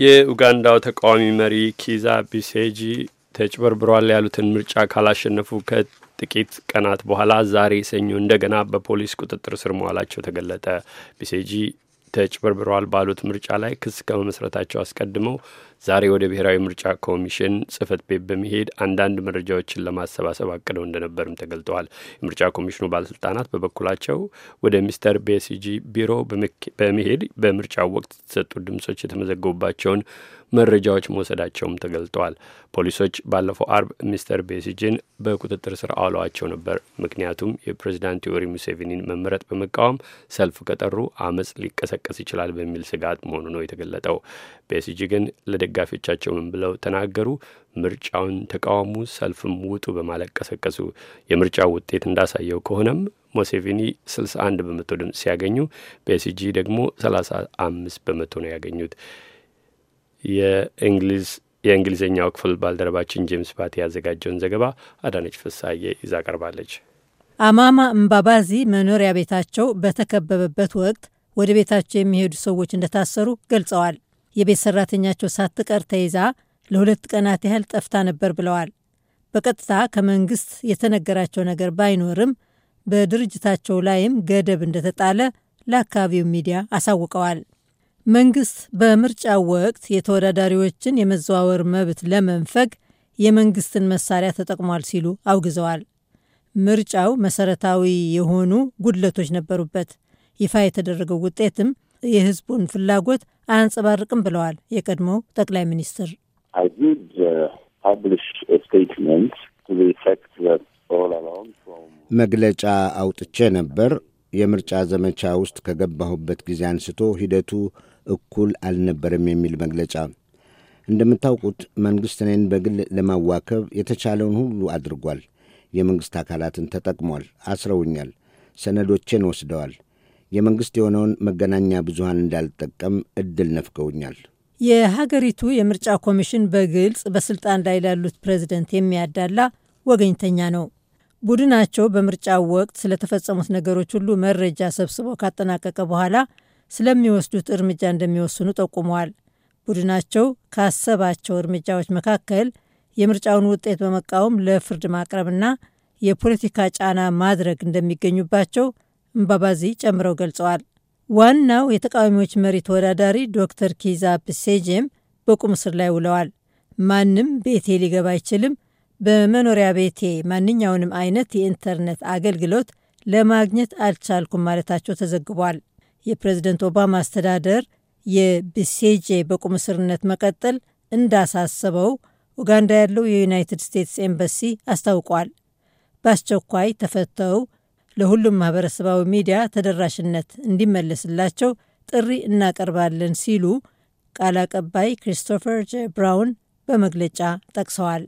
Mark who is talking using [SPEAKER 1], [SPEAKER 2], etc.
[SPEAKER 1] የኡጋንዳው ተቃዋሚ መሪ ኪዛ ቢሴጂ ተጭበርብሯል ያሉትን ምርጫ ካላሸነፉ ከጥቂት ቀናት በኋላ ዛሬ ሰኞ እንደገና በፖሊስ ቁጥጥር ስር መዋላቸው ተገለጠ። ቢሴጂ ተጭበርብሯል ባሉት ምርጫ ላይ ክስ ከመመስረታቸው አስቀድመው ዛሬ ወደ ብሔራዊ ምርጫ ኮሚሽን ጽህፈት ቤት በመሄድ አንዳንድ መረጃዎችን ለማሰባሰብ አቅደው እንደነበርም ተገልጠዋል። የምርጫ ኮሚሽኑ ባለስልጣናት በበኩላቸው ወደ ሚስተር ቤሲጂ ቢሮ በመሄድ በምርጫው ወቅት የተሰጡ ድምጾች የተመዘገቡባቸውን መረጃዎች መውሰዳቸውም ተገልጠዋል። ፖሊሶች ባለፈው አርብ ሚስተር ቤሲጂን በቁጥጥር ስር አውለዋቸው ነበር። ምክንያቱም የፕሬዚዳንት ዮሪ ሙሴቪኒን መመረጥ በመቃወም ሰልፍ ከጠሩ አመፅ ሊቀሰቀስ ይችላል በሚል ስጋት መሆኑ ነው የተገለጠው። ቤሲጂ ግን ለደ ደጋፊዎቻቸው ምን ብለው ተናገሩ? ምርጫውን ተቃውሙ፣ ሰልፍም ውጡ በማለት ቀሰቀሱ። የምርጫው ውጤት እንዳሳየው ከሆነም ሙሴቪኒ 61 በመቶ ድምፅ ሲያገኙ በኤሲጂ ደግሞ 35 በመቶ ነው ያገኙት። የእንግሊዝ የእንግሊዝኛው ክፍል ባልደረባችን ጄምስ ባቲ ያዘጋጀውን ዘገባ አዳነች ፍሳዬ ይዛ ቀርባለች።
[SPEAKER 2] አማማ እምባባዚ መኖሪያ ቤታቸው በተከበበበት ወቅት ወደ ቤታቸው የሚሄዱ ሰዎች እንደታሰሩ ገልጸዋል። የቤት ሰራተኛቸው ሳትቀር ተይዛ ለሁለት ቀናት ያህል ጠፍታ ነበር ብለዋል። በቀጥታ ከመንግስት የተነገራቸው ነገር ባይኖርም በድርጅታቸው ላይም ገደብ እንደተጣለ ለአካባቢው ሚዲያ አሳውቀዋል። መንግስት በምርጫው ወቅት የተወዳዳሪዎችን የመዘዋወር መብት ለመንፈግ የመንግስትን መሳሪያ ተጠቅሟል ሲሉ አውግዘዋል። ምርጫው መሰረታዊ የሆኑ ጉድለቶች ነበሩበት። ይፋ የተደረገው ውጤትም የህዝቡን ፍላጎት አያንጸባርቅም ብለዋል የቀድሞው ጠቅላይ ሚኒስትር።
[SPEAKER 3] uh, መግለጫ አውጥቼ ነበር። የምርጫ ዘመቻ ውስጥ ከገባሁበት ጊዜ አንስቶ ሂደቱ እኩል አልነበረም የሚል መግለጫ። እንደምታውቁት መንግሥት እኔን በግል ለማዋከብ የተቻለውን ሁሉ አድርጓል። የመንግሥት አካላትን ተጠቅሟል። አስረውኛል። ሰነዶቼን ወስደዋል። የመንግሥት የሆነውን መገናኛ ብዙሃን እንዳልጠቀም እድል ነፍገውኛል።
[SPEAKER 2] የሀገሪቱ የምርጫ ኮሚሽን በግልጽ በስልጣን ላይ ላሉት ፕሬዝደንት የሚያዳላ ወገኝተኛ ነው። ቡድናቸው በምርጫው ወቅት ስለተፈጸሙት ነገሮች ሁሉ መረጃ ሰብስበው ካጠናቀቀ በኋላ ስለሚወስዱት እርምጃ እንደሚወስኑ ጠቁመዋል። ቡድናቸው ካሰባቸው እርምጃዎች መካከል የምርጫውን ውጤት በመቃወም ለፍርድ ማቅረብና የፖለቲካ ጫና ማድረግ እንደሚገኙባቸው ምባባዚ ጨምረው ገልጸዋል። ዋናው የተቃዋሚዎች መሪ ተወዳዳሪ ዶክተር ኪዛ ፕሴጄም በቁም እስር ላይ ውለዋል። ማንም ቤቴ ሊገባ አይችልም፣ በመኖሪያ ቤቴ ማንኛውንም አይነት የኢንተርኔት አገልግሎት ለማግኘት አልቻልኩም ማለታቸው ተዘግቧል። የፕሬዝደንት ኦባማ አስተዳደር የብሴጄ በቁም እስርነት መቀጠል እንዳሳሰበው ኡጋንዳ ያለው የዩናይትድ ስቴትስ ኤምባሲ አስታውቋል። በአስቸኳይ ተፈተው ለሁሉም ማህበረሰባዊ ሚዲያ ተደራሽነት እንዲመለስላቸው ጥሪ እናቀርባለን ሲሉ ቃል አቀባይ ክሪስቶፈር ጄ ብራውን በመግለጫ ጠቅሰዋል።